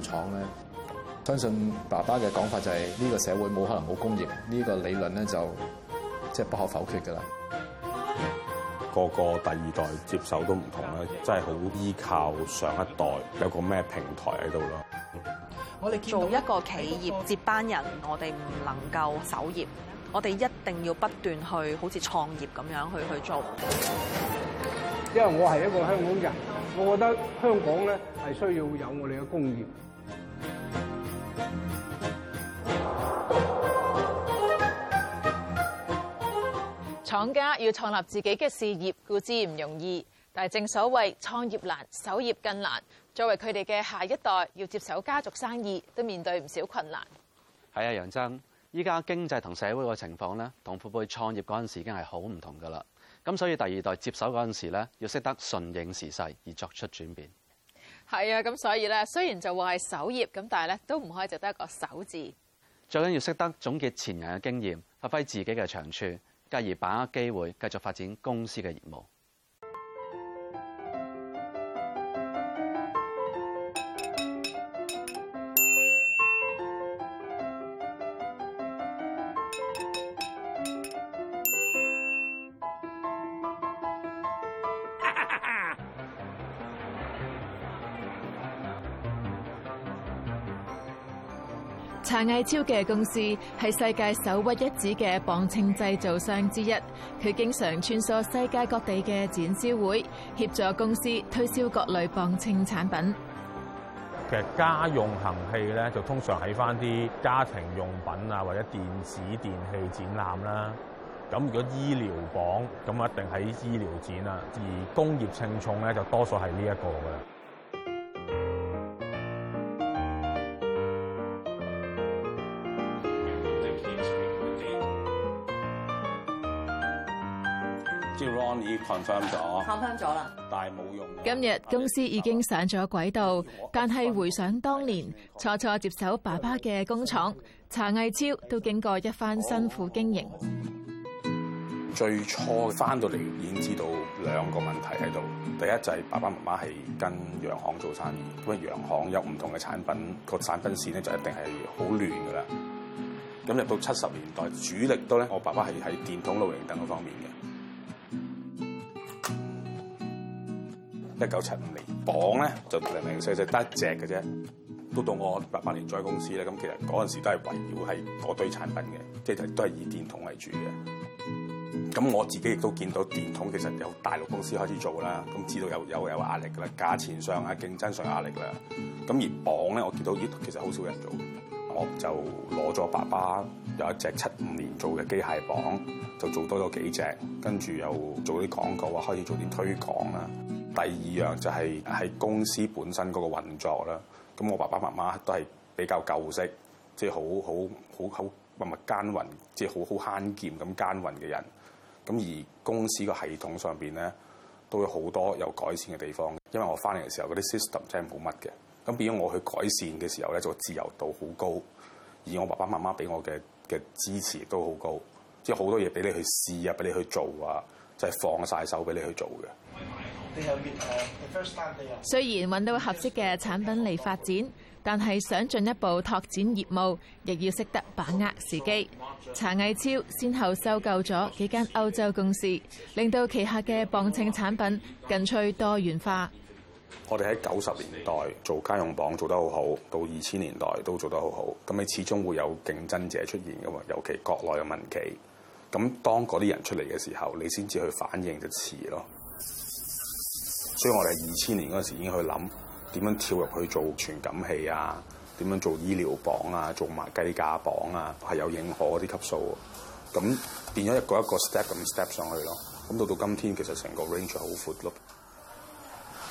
廠咧，相信爸爸嘅講法就係呢個社會冇可能冇工業，呢個理論咧就即係不可否決噶啦。個個第二代接手都唔同啦，真係好依靠上一代有個咩平台喺度咯。我哋做一個企業接班人，我哋唔能夠守業，我哋一定要不斷去好似創業咁樣去去做。因為我係一個香港人，我覺得香港咧係需要有我哋嘅工業。廠家要創立自己嘅事業，固之唔容易。但係正所謂創業難，守業更難。作為佢哋嘅下一代，要接手家族生意，都面對唔少困難。係啊，楊生，依家經濟同社會嘅情況咧，同父輩創業嗰陣時已經係好唔同噶啦。咁所以第二代接手嗰陣時咧，要識得順應時勢而作出轉變。係啊，咁所以咧，雖然就話係守業咁，但係咧都唔可以就得一個守字。最緊要識得總結前人嘅經驗，發揮自己嘅長處。繼而把握機會，繼續發展公司嘅業務。魏超嘅公司係世界首屈一指嘅磅秤製造商之一，佢經常穿梭世界各地嘅展銷會，協助公司推銷各類磅秤產品。其實家用衡器咧，就通常喺翻啲家庭用品啊，或者電子電器展覽啦。咁如果醫療磅，咁啊一定喺醫療展啦。而工業稱重咧，就多數係呢一個噶啦。看翻咗，看翻咗啦。但冇用。今日公司已經上咗軌道，但係回想當年初初接手爸爸嘅工廠，查毅超都經過一番辛苦經營。最初翻到嚟已經知道兩個問題喺度，第一就係爸爸媽媽係跟洋行做生意，因為洋行有唔同嘅產品，那個產品線咧就一定係好亂噶啦。咁入到七十年代，主力都咧，我爸爸係喺電筒、露營等嗰方面嘅。一九七五年，磅咧就零零碎碎得一隻嘅啫。到到我八八年 join 公司咧，咁其實嗰陣時都係圍繞係嗰堆產品嘅，即係都係以電筒為主嘅。咁我自己亦都見到電筒其實有大陸公司開始做啦，咁知道有有有壓力噶啦，價錢上啊競爭上壓力啦。咁而磅咧，我見到咦，其實好少人做，我就攞咗爸爸有一隻七五年做嘅機械磅，就做多咗幾隻，跟住又做啲廣告啊，開始做啲推廣啦。第二樣就係喺公司本身嗰個運作啦。咁我爸爸媽媽都係比較舊式，即係好好好好默默耕耘，即係好好慳劍咁耕耘嘅人。咁而公司個系統上邊咧都有好多有改善嘅地方，因為我翻嚟嘅時候嗰啲 system 真係冇乜嘅。咁變咗我去改善嘅時候咧，就自由度好高，而我爸爸媽媽俾我嘅嘅支持都好高，即係好多嘢俾你去試啊，俾你去做啊，就係放晒手俾你去做嘅。雖然揾到合適嘅產品嚟發展，但係想進一步拓展業務，亦要識得把握時機。查毅超先後收購咗幾間歐洲公司，令到旗下嘅磅秤產品更趨多元化。我哋喺九十年代做家用磅做得好好，到二千年代都做得好好。咁你始終會有競爭者出現噶嘛？尤其國內嘅民企。咁當嗰啲人出嚟嘅時候，你先至去反應就遲咯。所以我哋二千年嗰陣時已經去諗點樣跳入去做傳感器啊，點樣做醫療磅啊，做埋計價磅啊，係有認可嗰啲級數。咁變咗一個一個 step 咁 step 上去咯。咁到到今天，其實成個 range 好闊咯。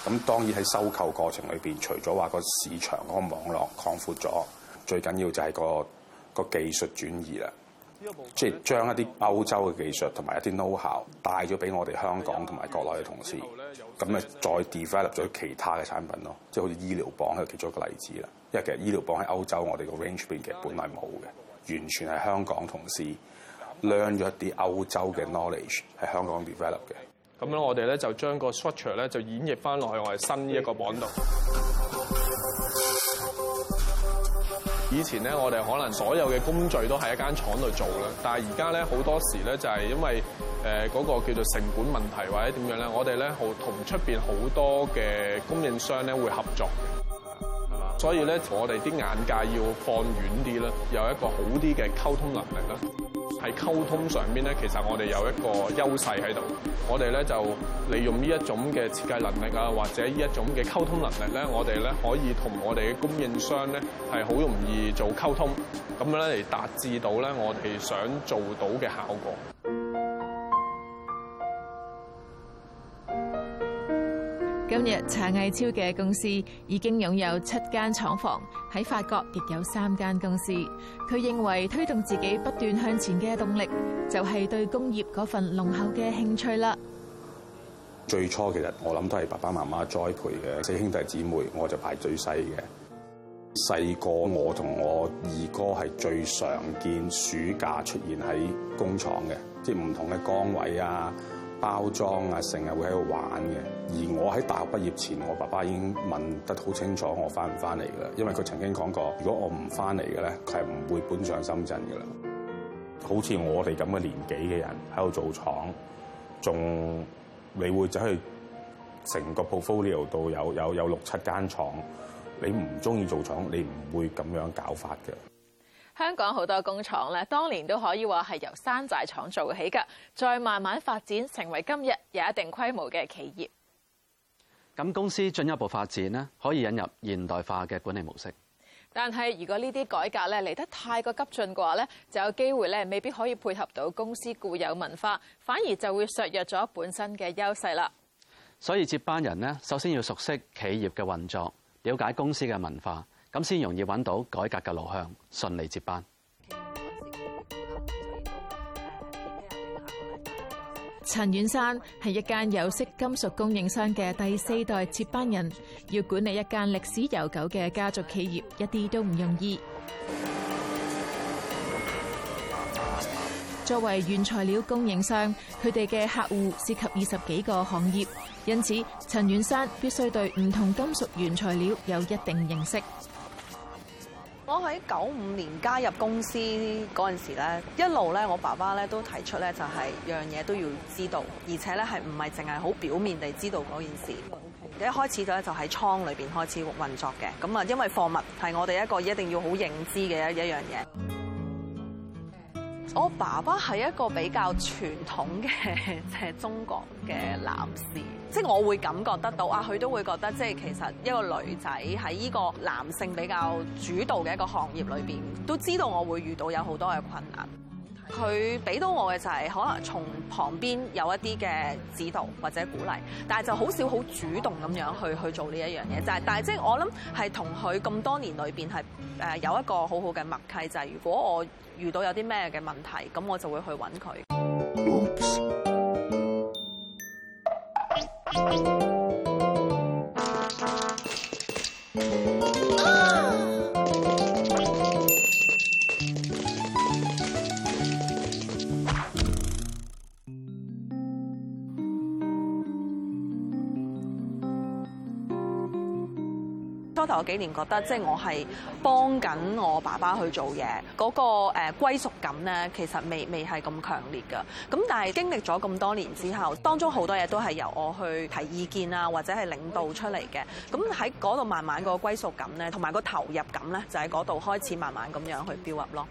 咁當然喺收購過程裏面，除咗話個市場嗰個網絡擴闊咗，最緊要就係、個個技術轉移啦。即係將一啲歐洲嘅技術同埋一啲 know-how 帶咗俾我哋香港同埋國內嘅同事，咁咪再 develop 咗其他嘅產品咯。即係好似醫療磅係其中一個例子啦。因為其實醫療磅喺歐洲，我哋個 range 邊其實本來冇嘅，完全係香港同事 learn 咗一啲歐洲嘅 knowledge 喺香港 develop 嘅。咁咧，我哋咧就將個 structure 咧就演繹翻落去我哋新呢一個磅度。以前咧，我哋可能所有嘅工序都喺一間廠度做啦。但係而家咧，好多時咧就係因為誒嗰個叫做成本問題或者點樣咧，我哋咧好同出邊好多嘅供應商咧會合作嘅，係嘛？所以咧，我哋啲眼界要放遠啲啦，有一個好啲嘅溝通能力啦。喺溝通上邊咧，其實我哋有一個優勢喺度。我哋咧就利用呢一種嘅設計能力啊，或者呢一種嘅溝通能力咧，我哋咧可以同我哋嘅供應商咧係好容易做溝通，咁樣咧嚟達至到咧我哋想做到嘅效果。今日查毅超嘅公司已經擁有七間廠房，喺法國亦有三間公司。佢認為推動自己不斷向前嘅動力，就係對工業嗰份濃厚嘅興趣啦。最初其實我諗都係爸爸媽媽栽培嘅四兄弟姊妹，我就排最細嘅。細個我同我二哥係最常見暑假出現喺工廠嘅，即係唔同嘅崗位啊。包裝啊，成日會喺度玩嘅。而我喺大學畢業前，我爸爸已經問得好清楚，我翻唔翻嚟噶啦？因為佢曾經講過，如果我唔翻嚟嘅咧，佢係唔會搬上深圳噶啦。好似我哋咁嘅年紀嘅人喺度做廠，仲你會走去成個 portfolio 度有有有六七間廠，你唔中意做廠，你唔會咁樣搞法嘅。香港好多工廠咧，當年都可以話係由山寨廠做起噶，再慢慢發展成為今日有一定規模嘅企業。咁公司進一步發展咧，可以引入現代化嘅管理模式。但係如果呢啲改革咧，嚟得太過急進嘅話咧，就有機會咧，未必可以配合到公司固有文化，反而就會削弱咗本身嘅優勢啦。所以接班人咧，首先要熟悉企業嘅運作，了解公司嘅文化。咁先容易揾到改革嘅路向，順利接班。陳婉珊係一間有色金屬供應商嘅第四代接班人，要管理一間歷史悠久嘅家族企業，一啲都唔容易。作為原材料供應商，佢哋嘅客戶涉及二十幾個行業，因此陳婉珊必須對唔同金屬原材料有一定認識。我喺九五年加入公司嗰陣時咧，一路咧我爸爸咧都提出咧，就係樣嘢都要知道，而且咧係唔係淨係好表面地知道嗰件事。一開始咧就喺倉裏邊開始運作嘅，咁啊因為貨物係我哋一個一定要好認知嘅一樣嘢。我爸爸係一個比較傳統嘅即係中國嘅男士，即係我會感覺得到啊，佢都會覺得即係其實一個女仔喺呢個男性比較主導嘅一個行業裏面，都知道我會遇到有好多嘅困難。佢俾到我嘅就係可能從旁邊有一啲嘅指導或者鼓勵，但係就好少好主動咁樣去去做呢一樣嘢。就係、是，但係即係我諗係同佢咁多年裏邊係誒有一個很好好嘅默契，就係、是、如果我遇到有啲咩嘅問題，咁我就會去揾佢。Oops. 初頭嗰幾年覺得，即、就、係、是、我係幫緊我爸爸去做嘢，嗰、那個誒歸屬感咧，其實未未係咁強烈㗎。咁但係經歷咗咁多年之後，當中好多嘢都係由我去提意見啊，或者係領導出嚟嘅。咁喺嗰度慢慢個歸屬感咧，同埋個投入感咧，就喺嗰度開始慢慢咁樣去 build up 咯。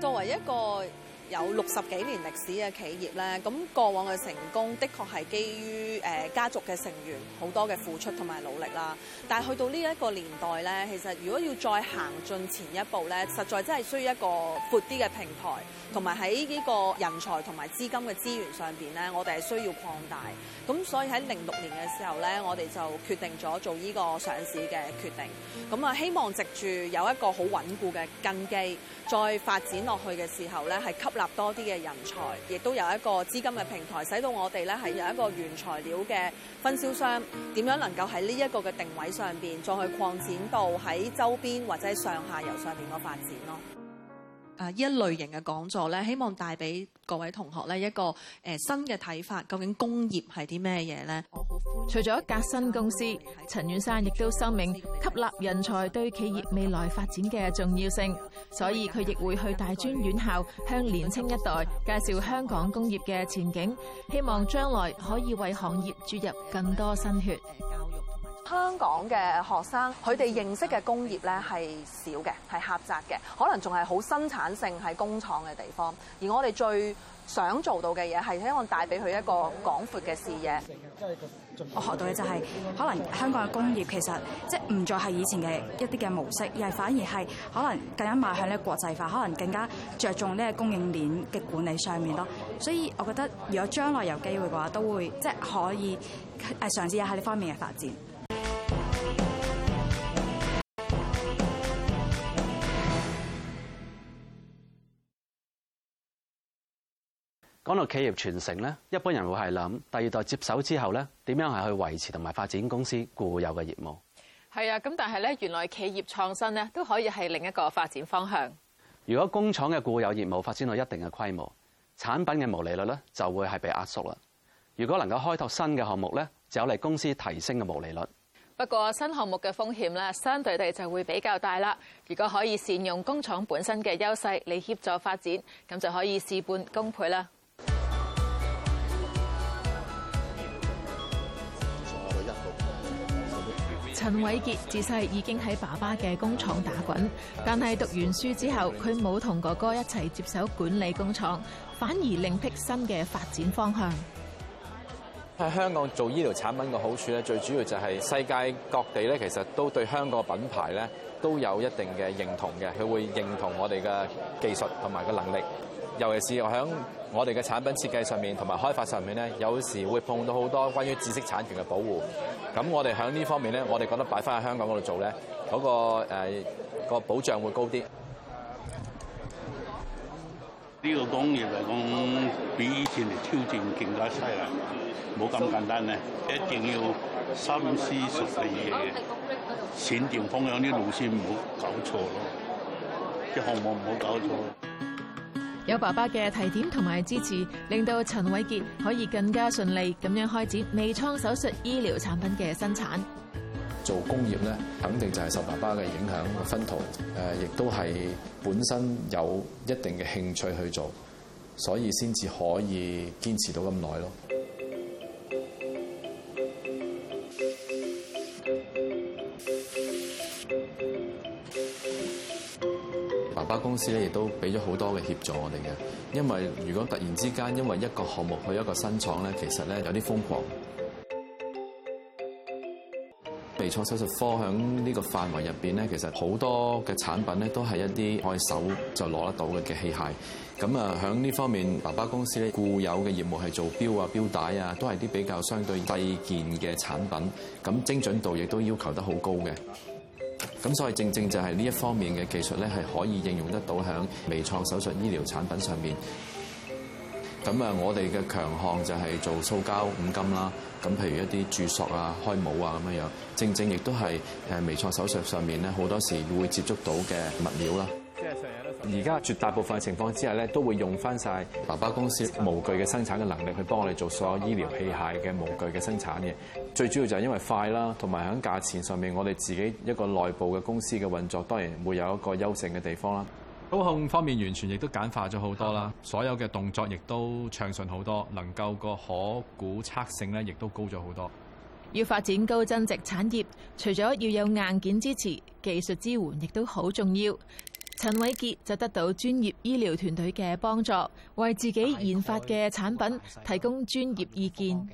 作為一個有六十幾年歷史嘅企業呢，咁過往嘅成功的確是，的確係基於誒家族嘅成員好多嘅付出同埋努力啦。但係去到呢一個年代呢，其實如果要再行進前一步呢，實在真係需要一個闊啲嘅平台，同埋喺呢個人才同埋資金嘅資源上面，呢我哋係需要擴大。咁所以喺零六年嘅時候呢，我哋就決定咗做呢個上市嘅決定。咁啊，希望藉住有一個好穩固嘅根基，再發展落去嘅時候呢係吸立多啲嘅人才，亦都有一個資金嘅平台，使到我哋咧係有一個原材料嘅分銷商，點樣能夠喺呢一個嘅定位上邊，再去擴展到喺周邊或者上下游上邊個發展咯。啊！呢一類型嘅講座咧，希望帶俾各位同學咧一個誒新嘅睇法。究竟工業係啲咩嘢呢？除咗革新公司，陳遠山亦都聲明吸納人才對企業未來發展嘅重要性，所以佢亦會去大專院校向年青一代介紹香港工業嘅前景，希望將來可以為行業注入更多新血。香港嘅學生，佢哋認識嘅工業咧係少嘅，係狹窄嘅，可能仲係好生產性喺工廠嘅地方。而我哋最想做到嘅嘢係希望帶俾佢一個廣闊嘅視野。我學到嘅就係、是、可能香港嘅工業其實即係唔再係以前嘅一啲嘅模式，而係反而係可能更加邁向呢個國際化，可能更加着重呢個供應鏈嘅管理上面咯。所以，我覺得如果將來有機會嘅話，都會即係、就是、可以誒嘗試一下呢方面嘅發展。講到企業傳承咧，一般人會係諗第二代接手之後咧點樣係去維持同埋發展公司固有嘅業務？係啊。咁但係咧，原來企業創新咧都可以係另一個發展方向。如果工廠嘅固有業務發展到一定嘅規模，產品嘅毛利率咧就會係被壓縮啦。如果能夠開拓新嘅項目咧，就有利公司提升嘅毛利率。不過新項目嘅風險咧，相對地就會比較大啦。如果可以善用工廠本身嘅優勢嚟協助發展，咁就可以事半功倍啦。陳偉傑自細已經喺爸爸嘅工廠打滾，但係讀完書之後，佢冇同哥哥一齊接手管理工廠，反而另辟新嘅發展方向。喺香港做醫療產品嘅好處咧，最主要就係世界各地咧，其實都對香港品牌咧都有一定嘅認同嘅，佢會認同我哋嘅技術同埋嘅能力，尤其是我響。我哋嘅產品設計上面同埋開發上面咧，有時會碰到好多關於知識產權嘅保護。咁我哋喺呢方面咧，我哋覺得擺翻喺香港嗰度做咧，嗰、嗰個誒、呃嗰個、保障會高啲。呢、呢個工業嚟講，比以前嚟挑戰更加犀利。冇咁簡單咧，一定要深思熟慮嘅，嘢，閃電方向啲、呢個、路線唔好搞錯咯，啲項目唔好搞錯。有爸爸嘅提點同埋支持，令到陳偉傑可以更加順利咁樣開展微創手術醫療產品嘅生產。做工業咧，肯定就係受爸爸嘅影響、薰陶，誒，亦都係本身有一定嘅興趣去做，所以先至可以堅持到咁耐咯。公司咧亦都俾咗好多嘅協助我哋嘅，因為如果突然之間因為一個項目去一個新廠咧，其實咧有啲瘋狂。微創手術科響呢個範圍入邊咧，其實好多嘅產品咧都係一啲愛手就攞得到嘅器械。咁啊，響呢方面，爸爸公司咧固有嘅業務係做錶啊、錶帶啊，都係啲比較相對細件嘅產品。咁精準度亦都要求得好高嘅。咁所以正正就係呢一方面嘅技術咧，係可以應用得到喺微創手術醫療產品上面。咁啊，我哋嘅強項就係做塑膠五金啦。咁譬如一啲注塑啊、開模啊咁樣樣，正正亦都係誒微創手術上面咧，好多時會接觸到嘅物料啦。即係而家絕大部分嘅情況之下咧，都會用翻晒爸爸公司模具嘅生產嘅能力去幫我哋做所有醫療器械嘅模具嘅生產嘅。最主要就係因為快啦，同埋喺價錢上面，我哋自己一個內部嘅公司嘅運作，當然會有一個優勝嘅地方啦。操控方面完全亦都簡化咗好多啦，所有嘅動作亦都暢順好多，能夠個可估測性咧亦都高咗好多。要發展高增值產業，除咗要有硬件支持，技術支援亦都好重要。陳偉傑就得到專業醫療團隊嘅幫助，為自己研發嘅產品提供專業意見。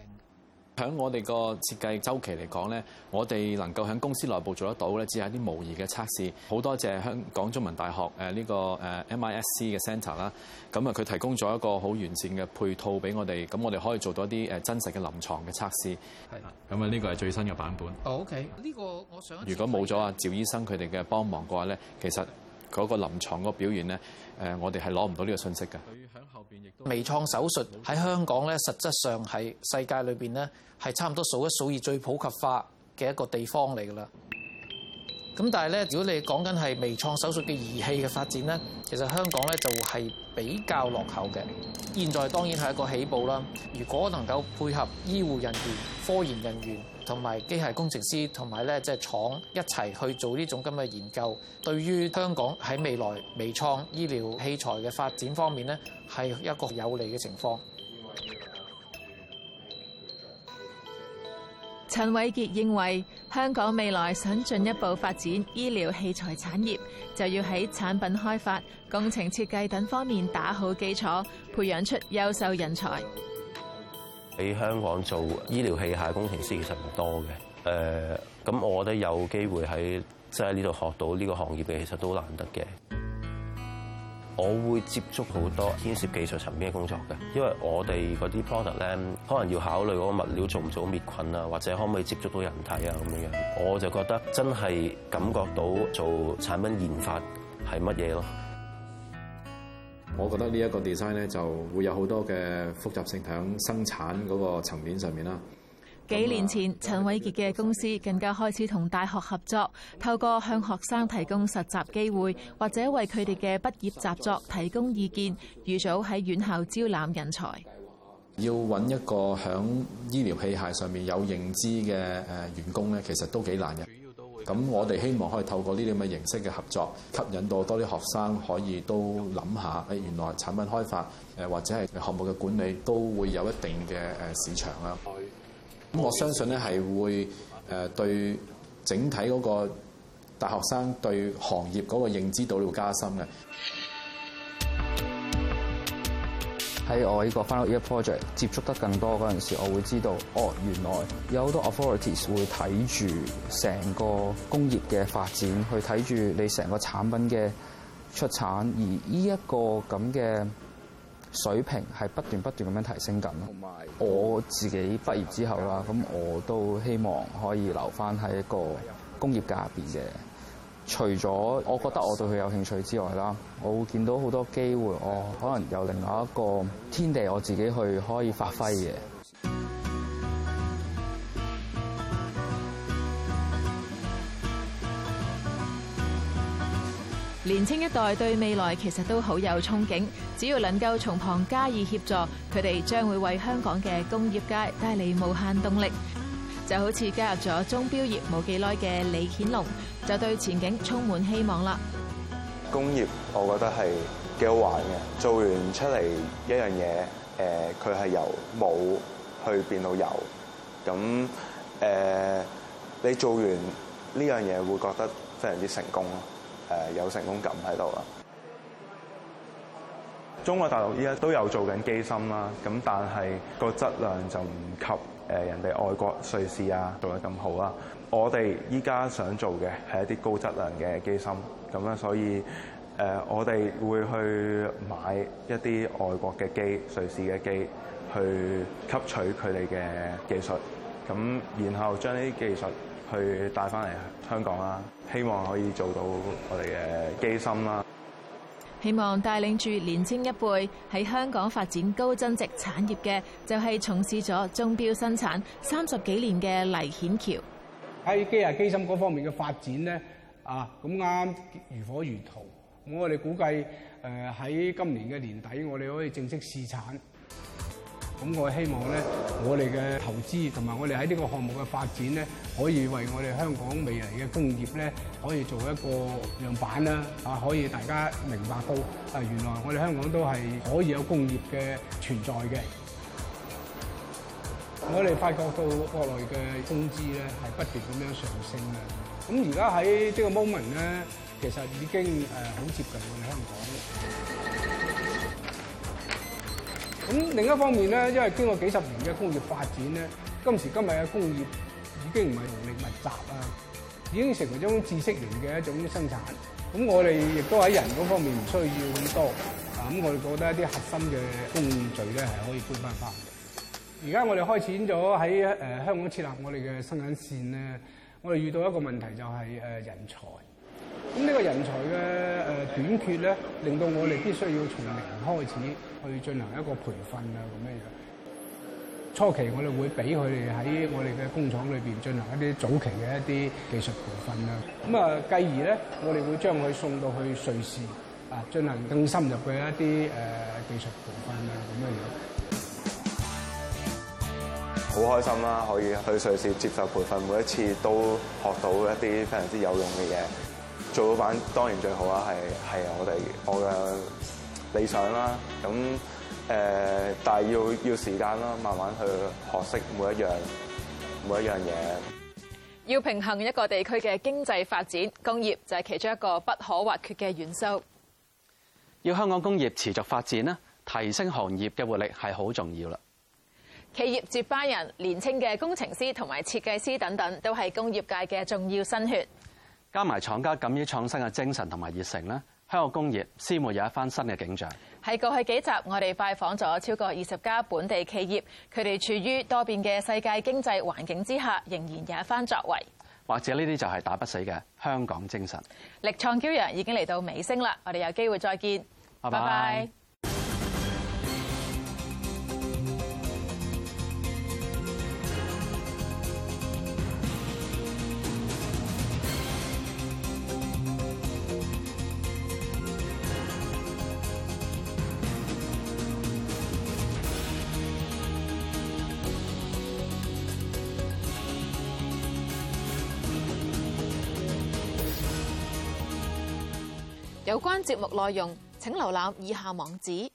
喺我哋個設計周期嚟講咧，我哋能夠喺公司內部做得到咧，只係啲模擬嘅測試。好多謝香港中文大學誒呢個誒 MISC 嘅 centre 啦。咁啊，佢提供咗一個好完善嘅配套俾我哋，咁我哋可以做到一啲誒真實嘅臨床嘅測試。係啦，咁啊，呢個係最新嘅版本。哦，OK，呢個我想。如果冇咗阿趙醫生佢哋嘅幫忙嘅話咧，其實。嗰、那個臨床個表現咧，誒，我哋係攞唔到呢個信息㗎。佢喺後邊亦都。微創手術喺香港咧，實質上係世界裏邊咧，係差唔多數一數二最普及化嘅一個地方嚟㗎啦。咁但係咧，如果你講緊係微創手術嘅儀器嘅發展咧，其實香港咧就係。比較落後嘅，現在當然係一個起步啦。如果能夠配合醫護人員、科研人員同埋機械工程師同埋咧，即係廠一齊去做呢種咁嘅研究，對於香港喺未來微創醫療器材嘅發展方面呢，係一個有利嘅情況。陳偉傑認為，香港未來想進一步發展醫療器材產業，就要喺產品開發、工程設計等方面打好基礎，培養出優秀人才。喺香港做醫療器械工程師其實唔多嘅。誒，咁我覺得有機會喺即係呢度學到呢個行業嘅，其實都難得嘅。我會接觸好多牽涉技術層面嘅工作嘅，因為我哋嗰啲 product 咧，可能要考慮嗰個物料做唔做滅菌啊，或者可唔可以接觸到人體啊咁樣。我就覺得真係感覺到做產品研發係乜嘢咯。我覺得呢一個 design 咧就會有好多嘅複雜性喺生產嗰個層面上面啦。幾年前，陳偉傑嘅公司更加開始同大學合作，透過向學生提供實習機會，或者為佢哋嘅畢業習作提供意見，預早喺院校招攬人才。要揾一個響醫療器械上面有認知嘅誒員工咧，其實都幾難嘅。咁我哋希望可以透過呢啲咁嘅形式嘅合作，吸引到多啲學生可以都諗下誒，原來產品開發誒或者係項目嘅管理都會有一定嘅誒市場啦。咁我相信咧，係會誒對整體嗰個大學生對行業嗰個認知度要加深嘅。喺我呢個 Final Year Project 接觸得更多嗰陣時，我會知道哦，原來有好多 authorities 會睇住成個工業嘅發展，去睇住你成個產品嘅出產，而呢一個咁嘅。水平係不斷不斷咁樣提升緊。我自己畢業之後啦，咁我都希望可以留返喺一個工業界入邊嘅。除咗我覺得我對佢有興趣之外啦，我會見到好多機會，我可能有另外一個天地我自己去可以發揮嘅。年青一代對未來其實都好有憧憬，只要能夠從旁加以協助，佢哋將會為香港嘅工業界帶嚟無限動力。就好似加入咗鐘錶業冇幾耐嘅李顯龍，就對前景充滿希望啦。工業我覺得係幾好玩嘅，做完出嚟一樣嘢，誒，佢係由冇去變到有，咁、呃、你做完呢樣嘢會覺得非常之成功咯。誒有成功感喺度啦！中國大陸依家都有做緊機芯啦，咁但係個質量就唔及誒人哋外國瑞士啊做得咁好啦。我哋依家想做嘅係一啲高質量嘅機芯，咁咧所以誒我哋會去買一啲外國嘅機、瑞士嘅機去吸取佢哋嘅技術，咁然後將呢啲技術，去帶翻嚟香港啦，希望可以做到我哋嘅機芯啦。希望帶領住年青一輩喺香港發展高增值產業嘅，就係、是、從事咗鐘錶生產三十幾年嘅黎顯橋。喺機械機芯嗰方面嘅發展咧，啊，咁啱如火如荼。咁我哋估計誒喺今年嘅年底，我哋可以正式試產。咁我希望咧，我哋嘅投資同埋我哋喺呢個項目嘅發展咧，可以為我哋香港未來嘅工業咧，可以做一個樣板啦，啊，可以大家明白到啊，原來我哋香港都係可以有工業嘅存在嘅。我哋發覺到國內嘅工資咧，係不斷咁樣上升嘅。咁而家喺呢個 moment 咧，其實已經誒好接近我哋香港。咁另一方面咧，因為經過幾十年嘅工業發展咧，今時今日嘅工業已經唔係勞力密集啊，已經成為一種知識型嘅一種生產。咁我哋亦都喺人嗰方面唔需要咁多。啊，咁我哋覺得一啲核心嘅工序咧，係可以搬翻翻。而家我哋開始咗喺誒香港設立我哋嘅生產線咧，我哋遇到一個問題就係誒人才。咁、這、呢個人才嘅誒短缺咧，令到我哋必須要從零開始去進行一個培訓啊，咁樣樣。初期我哋會俾佢哋喺我哋嘅工廠裏邊進行一啲早期嘅一啲技術培訓啊。咁啊，繼而咧，我哋會將佢送到去瑞士啊，進行更深入嘅一啲誒技術培訓啊，咁樣樣。好開心啦，可以去瑞士接受培訓，每一次都學到一啲非常之有用嘅嘢。做老闆，當然最好啊，係、係我哋我嘅理想啦。咁、呃、但係要、要時間啦，慢慢去學識每一樣每一樣嘢。要平衡一個地區嘅經濟發展，工業就係其中一個不可或缺嘅元素。要香港工業持續發展啦，提升行業嘅活力係好重要啦。企業接班人、年青嘅工程師同埋設計師等等，都係工業界嘅重要新血。加埋廠家敢於創新嘅精神同埋熱誠啦，香港工業先會有一番新嘅景象。喺過去幾集，我哋拜訪咗超過二十家本地企業，佢哋處於多變嘅世界經濟環境之下，仍然有一番作為。或者呢啲就係打不死嘅香港精神。力創驕陽已經嚟到尾聲啦，我哋有機會再見，拜拜。有關節目內容，請瀏覽以下網址。